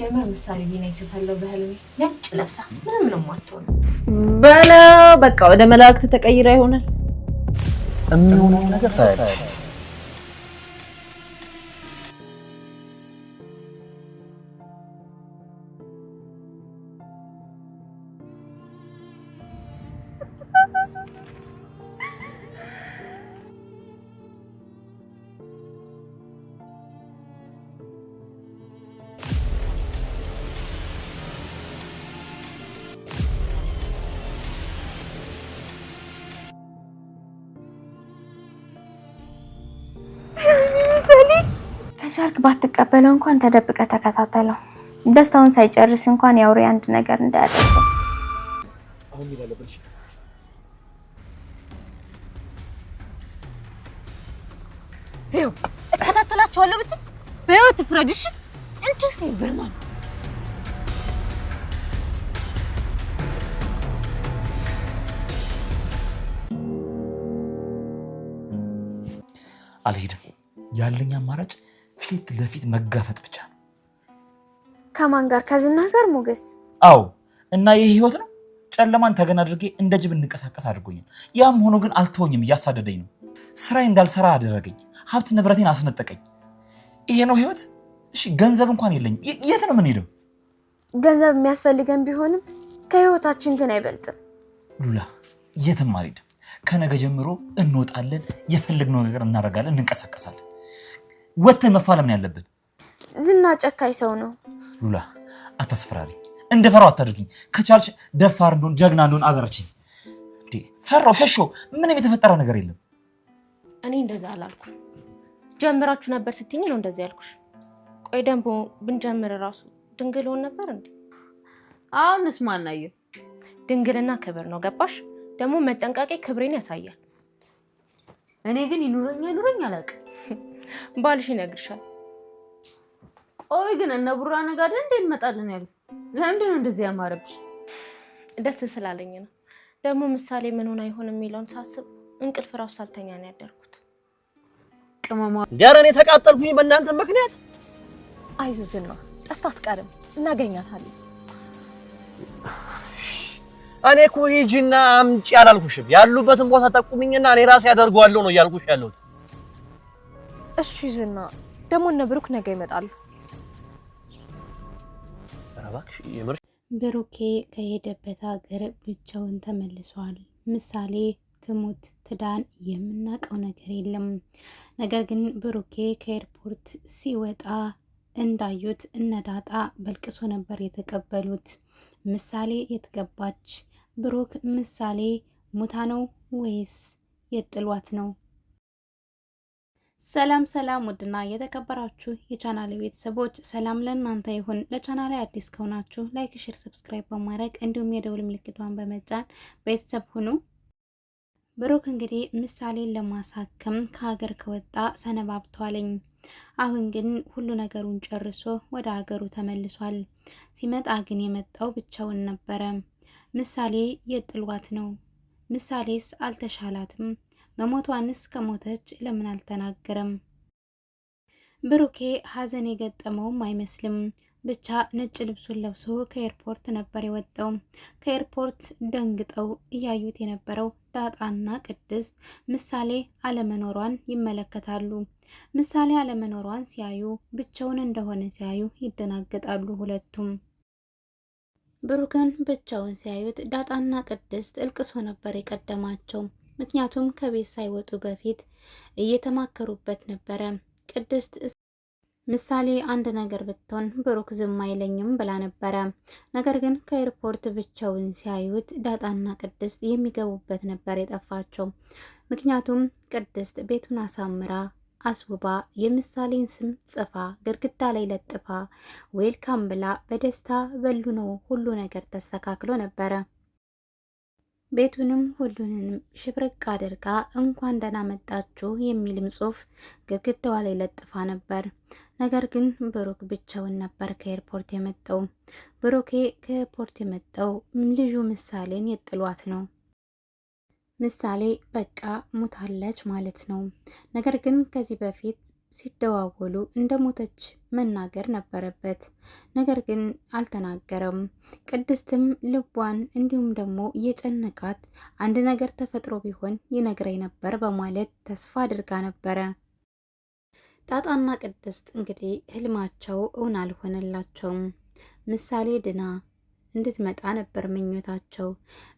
ሲጀመር ምሳሌ ቢና ይተታለው በህልም ነጭ ለብሳ ምንም ነው ማትሆነ በላ በቃ ወደ መላእክት ተቀይራ ይሆናል የሚሆነው ነገር ታያለች። ሰርግ ባትቀበለው እንኳን ተደብቀ ተከታተለው። ደስታውን ሳይጨርስ እንኳን የአውሬ አንድ ነገር እንዳያደርገው። እከታተላችኋለሁ ብትል በህይወት ትፍረድሽ እንጂ ብርማ አልሄድም ያለኝ አማራጭ ፊት ለፊት መጋፈጥ ብቻ ነው። ከማን ጋር? ከዝና ጋር ሞገስ? አዎ። እና ይህ ህይወት ነው። ጨለማን ተገን አድርጌ እንደ ጅብ እንቀሳቀስ አድርጎኛል። ያም ሆኖ ግን አልተወኝም። እያሳደደኝ ነው። ስራ እንዳልሰራ አደረገኝ። ሀብት ንብረቴን አስነጠቀኝ። ይሄ ነው ህይወት። እሺ፣ ገንዘብ እንኳን የለኝም። የት ነው የምንሄደው? ገንዘብ የሚያስፈልገን ቢሆንም ከህይወታችን ግን አይበልጥም። ሉላ፣ የትም አልሄድም። ከነገ ጀምሮ እንወጣለን። የፈለግነው ነገር እናደርጋለን፣ እንንቀሳቀሳለን። ወተን መፋለም ነው ያለብን። ዝና ጨካኝ ሰው ነው። ሉላ አታስፈራሪ፣ እንደ ፈራው አታድርጊኝ። ከቻልሽ ደፋር እንደሆን ጀግና እንደሆን አበረችኝ። ፈራው ሸሾ ምንም የተፈጠረ ነገር የለም። እኔ እንደዛ አላልኩ። ጀምራችሁ ነበር ስትኝ ነው እንደዚህ ያልኩሽ። ቆይ ደንቦ ብንጀምር እራሱ ድንግል ሆን ነበር እንዴ? አሁንስ ማናየ ድንግልና ክብር ነው ገባሽ? ደግሞ መጠንቀቄ ክብሬን ያሳያል። እኔ ግን ይኑረኛ ይኑረኝ አላውቅም ባልሽ ይነግርሻል። ቆይ ግን እነ ቡራ ነጋደ እንዴ እንመጣለን ያሉት ለምንድን ነው እንደዚህ ያማረብሽ? ደስ ስላለኝ ነው። ደግሞ ምሳሌ ምን ሆና የሚለውን ሳስብ እንቅልፍ ራሱ ሳልተኛ ነው ያደርኩት። ቅመማ ደረኔ የተቃጠልኩኝ በእናንተ ምክንያት። አይዞህ ዝና፣ ጠፍታ አትቀርም፣ እናገኛታለን። እኔ እኮ ሂጂና አምጪ አላልኩሽም? ያሉበትን ቦታ ጠቁሚኝና እኔ ራሴ ያደርገዋለሁ ነው እያልኩሽ ያለሁት እሺ ዝና፣ ደግሞ እነ ብሩክ ነገ ይመጣሉ። ብሩኬ ከሄደበት ሀገር ብቻውን ተመልሷል። ምሳሌ ትሙት ትዳን የምናውቀው ነገር የለም። ነገር ግን ብሩኬ ከኤርፖርት ሲወጣ እንዳዩት እነዳጣ በልቅሶ ነበር የተቀበሉት። ምሳሌ የተገባች ብሩክ ምሳሌ ሙታ ነው ወይስ የጥሏት ነው ሰላም ሰላም ውድና የተከበራችሁ የቻናል ቤተሰቦች ሰላም ለእናንተ ይሁን። ለቻናል አዲስ ከሆናችሁ ላይክ፣ ሼር፣ ሰብስክራይብ በማድረግ እንዲሁም የደውል ምልክቷን በመጫን ቤተሰብ ሁኑ። ብሩክ እንግዲህ ምሳሌን ለማሳከም ከሀገር ከወጣ ሰነባብቷለኝ። አሁን ግን ሁሉ ነገሩን ጨርሶ ወደ ሀገሩ ተመልሷል። ሲመጣ ግን የመጣው ብቻውን ነበረ። ምሳሌ የጥሏት ነው። ምሳሌስ አልተሻላትም። መሞቷንስ ከሞተች ለምን አልተናገረም? ብሩኬ ሀዘን የገጠመውም አይመስልም። ብቻ ነጭ ልብሱን ለብሶ ከኤርፖርት ነበር የወጣው። ከኤርፖርት ደንግጠው እያዩት የነበረው ዳጣና ቅድስት ምሳሌ አለመኖሯን ይመለከታሉ። ምሳሌ አለመኖሯን ሲያዩ፣ ብቻውን እንደሆነ ሲያዩ ይደናገጣሉ ሁለቱም። ብሩክን ብቻውን ሲያዩት ዳጣና ቅድስት እልቅሶ ነበር የቀደማቸው። ምክንያቱም ከቤት ሳይወጡ በፊት እየተማከሩበት ነበረ። ቅድስት ምሳሌ አንድ ነገር ብትሆን ብሩክ ዝም አይለኝም ብላ ነበረ። ነገር ግን ከኤርፖርት ብቻውን ሲያዩት ዳጣና ቅድስት የሚገቡበት ነበር የጠፋቸው። ምክንያቱም ቅድስት ቤቱን አሳምራ አስውባ የምሳሌን ስም ጽፋ ግድግዳ ላይ ለጥፋ ዌልካም ብላ በደስታ በሉ ነው ሁሉ ነገር ተስተካክሎ ነበረ። ቤቱንም ሁሉንም ሽብርቅ አድርጋ እንኳን ደህና መጣችሁ የሚልም ጽሑፍ ግድግዳዋ ላይ ለጥፋ ነበር። ነገር ግን ብሩክ ብቻውን ነበር ከኤርፖርት የመጣው። ብሩኬ ከኤርፖርት የመጣው ልጁ ምሳሌን የጥሏት ነው። ምሳሌ በቃ ሙታለች ማለት ነው። ነገር ግን ከዚህ በፊት ሲደዋወሉ እንደ ሞተች መናገር ነበረበት። ነገር ግን አልተናገረም። ቅድስትም ልቧን እንዲሁም ደግሞ የጨነቃት አንድ ነገር ተፈጥሮ ቢሆን ይነግረኝ ነበር በማለት ተስፋ አድርጋ ነበረ። ዳጣና ቅድስት እንግዲህ ህልማቸው እውን አልሆነላቸውም። ምሳሌ ድና እንድትመጣ ነበር ምኞታቸው።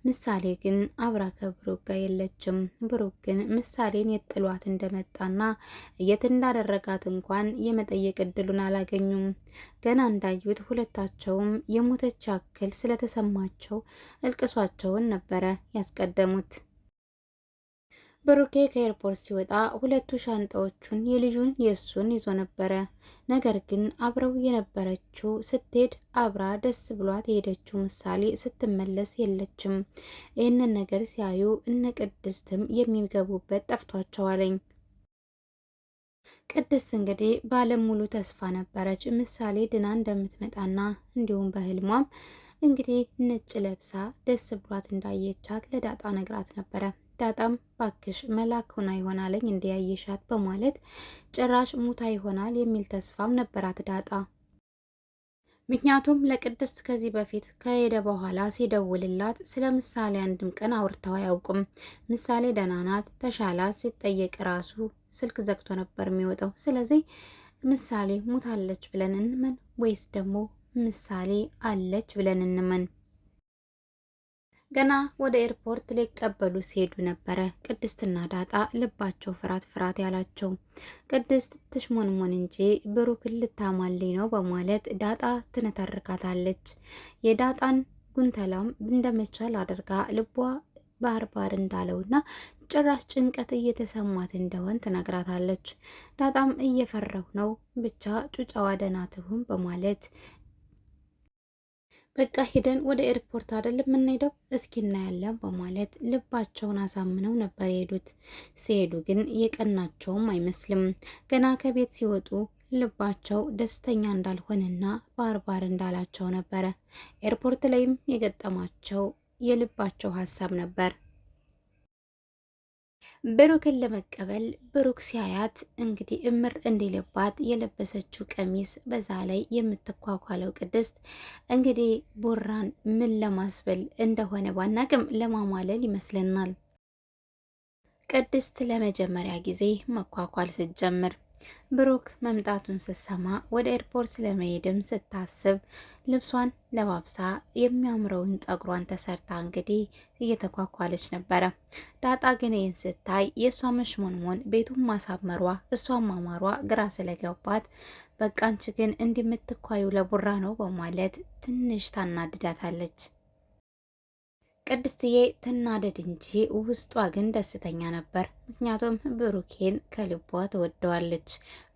ምሳሌ ግን አብራ ከብሩክ ጋር የለችም። ብሩክ ግን ምሳሌን የጥሏት እንደመጣና የት እንዳደረጋት እንኳን የመጠየቅ እድሉን አላገኙም። ገና እንዳዩት ሁለታቸውም የሞተች ያክል ስለተሰማቸው እልቅሷቸውን ነበረ ያስቀደሙት። ብሩኬ ከኤርፖርት ሲወጣ ሁለቱ ሻንጣዎቹን የልጁን የእሱን ይዞ ነበረ። ነገር ግን አብረው የነበረችው ስትሄድ አብራ ደስ ብሏት የሄደችው ምሳሌ ስትመለስ የለችም። ይህንን ነገር ሲያዩ እነ ቅድስትም የሚገቡበት ጠፍቷቸዋለኝ። ቅድስት እንግዲህ ባለሙሉ ተስፋ ነበረች ምሳሌ ድና እንደምትመጣና እንዲሁም በህልሟም እንግዲህ ነጭ ለብሳ ደስ ብሏት እንዳየቻት ለዳጣ ነግራት ነበረ። ዳጣም ባክሽ መላክ ሆና ይሆናለኝ እንዲያየሻት በማለት ጭራሽ ሙታ ይሆናል የሚል ተስፋም ነበራት ዳጣ። ምክንያቱም ለቅድስት ከዚህ በፊት ከሄደ በኋላ ሲደውልላት ስለ ምሳሌ አንድም ቀን አውርተው አያውቁም። ምሳሌ ደህና ናት ተሻላት ሲጠየቅ ራሱ ስልክ ዘግቶ ነበር የሚወጣው። ስለዚህ ምሳሌ ሙታለች ብለን እንመን ወይስ ደግሞ ምሳሌ አለች ብለን እንመን። ገና ወደ ኤርፖርት ሊቀበሉ ሲሄዱ ነበረ ቅድስትና ዳጣ ልባቸው ፍርሃት ፍርሃት ያላቸው። ቅድስት ትሽሞንሞን እንጂ ብሩክን ልታማልኝ ነው በማለት ዳጣ ትነታርካታለች። የዳጣን ጉንተላም እንደመቻል አድርጋ ልቧ ባህር ባህር እንዳለውና ጭራሽ ጭንቀት እየተሰማት እንደሆን ትነግራታለች። ዳጣም እየፈረሁ ነው ብቻ ጩጫዋ ደህና ትሁን በማለት በቃ ሄደን ወደ ኤርፖርት አይደለም የምንሄደው እስኪ እናያለን በማለት ልባቸውን አሳምነው ነበር የሄዱት። ሲሄዱ ግን የቀናቸውም አይመስልም። ገና ከቤት ሲወጡ ልባቸው ደስተኛ እንዳልሆነና ባርባር እንዳላቸው ነበረ። ኤርፖርት ላይም የገጠማቸው የልባቸው ሀሳብ ነበር። ብሩክን ለመቀበል ብሩክ ሲያያት እንግዲህ እምር እንዲልባት የለበሰችው ቀሚስ በዛ ላይ የምትኳኳለው ቅድስት እንግዲህ ቡራን ምን ለማስበል እንደሆነ ባናቅም ለማማለል ይመስለናል። ቅድስት ለመጀመሪያ ጊዜ መኳኳል ስትጀምር ብሩክ መምጣቱን ስትሰማ ወደ ኤርፖርት ስለመሄድም ስታስብ ልብሷን ለባብሳ የሚያምረውን ጸጉሯን ተሰርታ እንግዲህ እየተኳኳለች ነበረ። ዳጣ ግን ይህን ስታይ የእሷ መሽሞንሞን ቤቱን ማሳመሯ እሷን ማማሯ ግራ ስለገባት በቃ አንቺ ግን እንዲህ የምትኳዩ ለቡራ ነው በማለት ትንሽ ታናድዳታለች። ቅድስትዬ ትናደድ እንጂ ውስጧ ግን ደስተኛ ነበር። ምክንያቱም ብሩኬን ከልቧ ትወደዋለች።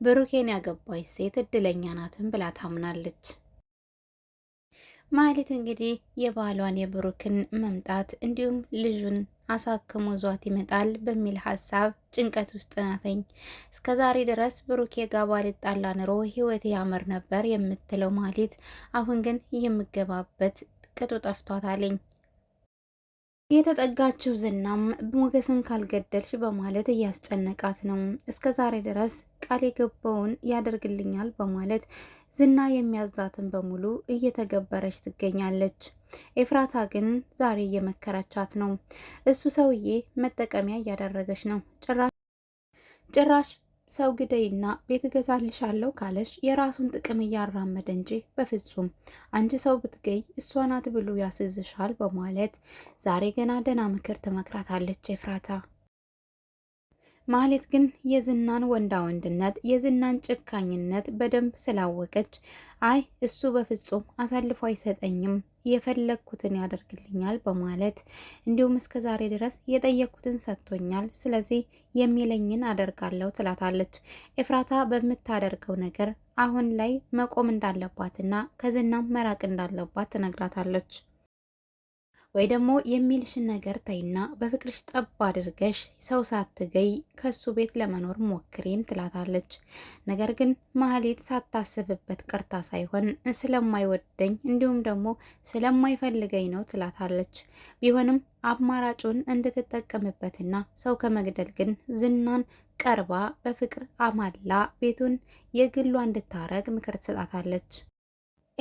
ብሩኬን ያገባች ሴት እድለኛ ናትን ብላ ታምናለች። ማለት እንግዲህ የባሏን የብሩክን መምጣት እንዲሁም ልጁን አሳክሞ ዟት ይመጣል በሚል ሀሳብ ጭንቀት ውስጥ ናተኝ። እስከ ዛሬ ድረስ ብሩኬ ጋር ባልጣላ ኑሮ ህይወት ያምር ነበር የምትለው ማለት አሁን ግን የምገባበት ቅጡ ጠፍቷታለኝ። የተጠጋችው ዝናም ሞገስን ካልገደልሽ በማለት እያስጨነቃት ነው። እስከ ዛሬ ድረስ ቃል የገባውን ያደርግልኛል በማለት ዝና የሚያዛትን በሙሉ እየተገበረች ትገኛለች። ኤፍራታ ግን ዛሬ እየመከረቻት ነው። እሱ ሰውዬ መጠቀሚያ እያደረገች ነው ጭራሽ ሰው ግደይና ቤት እገዛልሻለሁ ካለሽ የራሱን ጥቅም እያራመደ እንጂ በፍጹም አንቺ ሰው ብትገይ እሷ ናት ብሎ ያስዝሻል በማለት ዛሬ ገና ደህና ምክር ትመክራታለች ኤፍራታ። ማህሌት ግን የዝናን ወንዳ ወንድነት የዝናን ጭካኝነት በደንብ ስላወቀች አይ እሱ በፍጹም አሳልፎ አይሰጠኝም የፈለግኩትን ያደርግልኛል በማለት እንዲሁም እስከ ዛሬ ድረስ የጠየቅኩትን ሰጥቶኛል፣ ስለዚህ የሚለኝን አደርጋለሁ ትላታለች። ኤፍራታ በምታደርገው ነገር አሁን ላይ መቆም እንዳለባትና ከዝናም መራቅ እንዳለባት ትነግራታለች። ወይ ደግሞ የሚልሽን ነገር ተይና በፍቅርሽ ጠብ አድርገሽ ሰው ሳትገይ ከሱ ቤት ለመኖር ሞክሬም ትላታለች። ነገር ግን ማህሌት ሳታስብበት ቀርታ ሳይሆን ስለማይወደኝ እንዲሁም ደግሞ ስለማይፈልገኝ ነው ትላታለች። ቢሆንም አማራጩን እንድትጠቀምበትና ሰው ከመግደል ግን ዝናን ቀርባ በፍቅር አማላ ቤቱን የግሏ እንድታረግ ምክር ትሰጣታለች።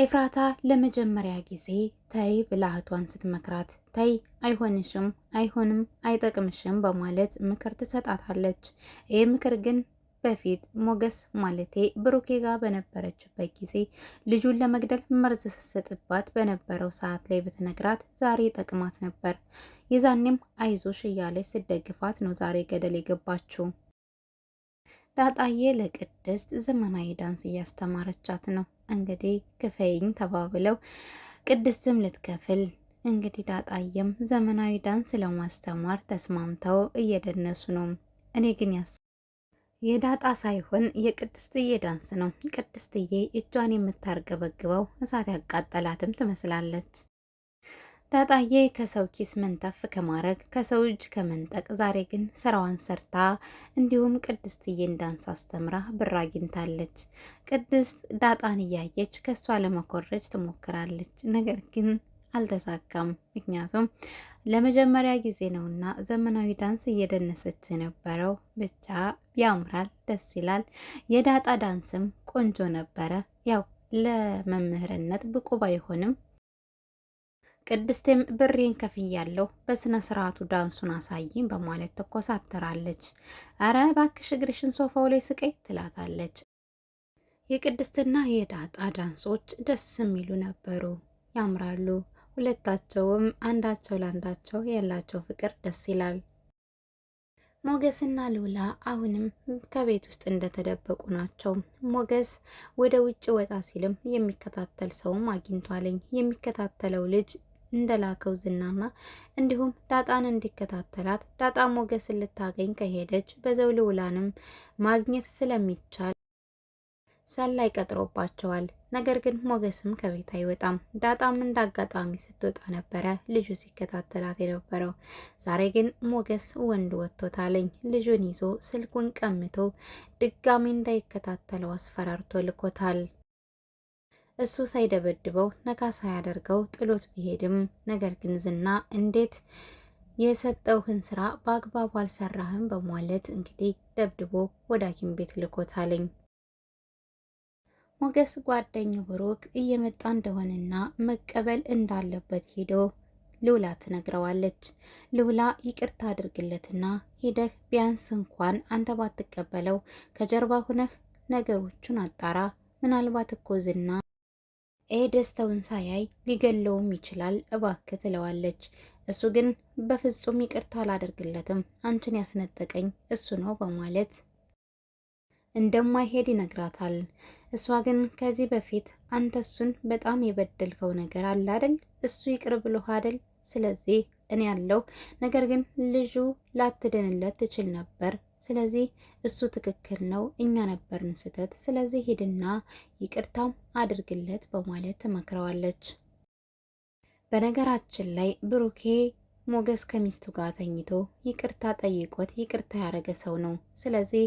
ኤፍራታ ለመጀመሪያ ጊዜ ተይ ብላ እህቷን ስትመክራት ተይ አይሆንሽም፣ አይሆንም፣ አይጠቅምሽም በማለት ምክር ትሰጣታለች። ይህ ምክር ግን በፊት ሞገስ ማለቴ ብሩኬ ጋር በነበረችበት ጊዜ ልጁን ለመግደል መርዝ ስትሰጥባት በነበረው ሰዓት ላይ ብትነግራት ዛሬ ጠቅማት ነበር። የዛኔም አይዞሽ እያለች ስደግፋት ነው ዛሬ ገደል የገባችው። ዳጣዬ ለቅድስት ዘመናዊ ዳንስ እያስተማረቻት ነው። እንግዲህ ክፈይኝ ተባብለው ቅድስትም ልትከፍል እንግዲህ ዳጣየም ዘመናዊ ዳንስ ለማስተማር ተስማምተው እየደነሱ ነው። እኔ ግን ያስ የዳጣ ሳይሆን የቅድስትዬ ዳንስ ነው። ቅድስትዬ እጇን የምታርገበግበው እሳት ያቃጠላትም ትመስላለች። ዳጣዬ ከሰው ኪስ መንተፍ ከማድረግ ከሰው እጅ ከመንጠቅ ዛሬ ግን ስራዋን ሰርታ እንዲሁም ቅድስትዬን ዳንስ አስተምራ ብር አግኝታለች። ቅድስት ዳጣን እያየች ከእሷ ለመኮረጅ ትሞክራለች። ነገር ግን አልተሳካም። ምክንያቱም ለመጀመሪያ ጊዜ ነውና ዘመናዊ ዳንስ እየደነሰች የነበረው። ብቻ ያምራል፣ ደስ ይላል። የዳጣ ዳንስም ቆንጆ ነበረ። ያው ለመምህርነት ብቁ ባይሆንም ቅድስቴም ብሬን ከፍያለሁ በስነ ስርዓቱ ዳንሱን አሳይኝ በማለት ትኮሳተራለች። አረ ባክሽ እግርሽን ሶፋው ላይ ስቀይ ትላታለች። የቅድስትና የዳጣ ዳንሶች ደስ የሚሉ ነበሩ፣ ያምራሉ። ሁለታቸውም አንዳቸው ለአንዳቸው ያላቸው ፍቅር ደስ ይላል። ሞገስና ሉላ አሁንም ከቤት ውስጥ እንደተደበቁ ናቸው። ሞገስ ወደ ውጭ ወጣ ሲልም የሚከታተል ሰውም አግኝቷለኝ። የሚከታተለው ልጅ እንደላከው ዝናና እንዲሁም ዳጣን እንዲከታተላት ዳጣ ሞገስ ልታገኝ ከሄደች በዘው ልውላንም ማግኘት ስለሚቻል ሰላይ ቀጥሮባቸዋል። ነገር ግን ሞገስም ከቤት አይወጣም። ዳጣም እንዳጋጣሚ ስትወጣ ነበረ ልጁ ሲከታተላት የነበረው። ዛሬ ግን ሞገስ ወንድ ወጥቶታለኝ። ልጁን ይዞ ስልኩን ቀምቶ ድጋሚ እንዳይከታተለው አስፈራርቶ ልኮታል። እሱ ሳይደበድበው ነካ ሳያደርገው ጥሎት ቢሄድም ነገር ግን ዝና እንዴት የሰጠውህን ስራ በአግባቡ አልሰራህም በማለት እንግዲህ ደብድቦ ወደ ሐኪም ቤት ልኮታለኝ። ሞገስ ጓደኛው ብሩክ እየመጣ እንደሆነና መቀበል እንዳለበት ሄዶ ልውላ ትነግረዋለች። ልውላ ይቅርታ አድርግለትና ሂደህ ቢያንስ እንኳን አንተ ባትቀበለው ከጀርባ ሁነህ ነገሮቹን አጣራ ምናልባት እኮ ዝና ይሄ ደስታውን ሳያይ ሊገለውም ይችላል እባክህ ትለዋለች። እሱ ግን በፍጹም ይቅርታ አላደርግለትም፣ አንቺን ያስነጠቀኝ እሱ ነው በማለት እንደማይሄድ ይነግራታል። እሷ ግን ከዚህ በፊት አንተ እሱን በጣም የበደልከው ነገር አለ እሱ ይቅር ብሎህ አደል? ስለዚህ እኔ ያለው ነገር ግን ልጁ ላትድንለት ትችል ነበር ስለዚህ እሱ ትክክል ነው፣ እኛ ነበርን ስህተት። ስለዚህ ሂድና ይቅርታም አድርግለት በማለት ትመክረዋለች። በነገራችን ላይ ብሩኬ ሞገስ ከሚስቱ ጋር ተኝቶ ይቅርታ ጠይቆት ይቅርታ ያደረገ ሰው ነው። ስለዚህ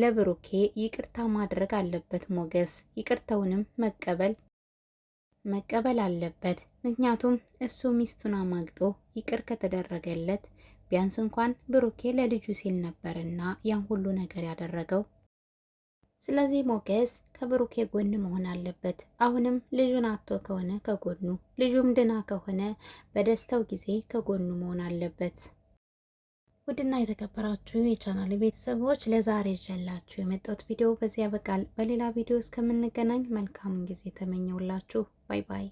ለብሩኬ ይቅርታ ማድረግ አለበት ሞገስ። ይቅርታውንም መቀበል መቀበል አለበት። ምክንያቱም እሱ ሚስቱን አማግጦ ይቅር ከተደረገለት ቢያንስ እንኳን ብሩኬ ለልጁ ሲል ነበርና ያን ሁሉ ነገር ያደረገው። ስለዚህ ሞገስ ከብሩኬ ጎን መሆን አለበት። አሁንም ልጁን አቶ ከሆነ ከጎኑ፣ ልጁም ድና ከሆነ በደስታው ጊዜ ከጎኑ መሆን አለበት። ውድና የተከበራችሁ የቻናል ቤተሰቦች ለዛሬ ይዤላችሁ የመጣሁት ቪዲዮ በዚህ ያበቃል። በሌላ ቪዲዮ እስከምንገናኝ መልካሙን ጊዜ ተመኘውላችሁ። ባይ ባይ።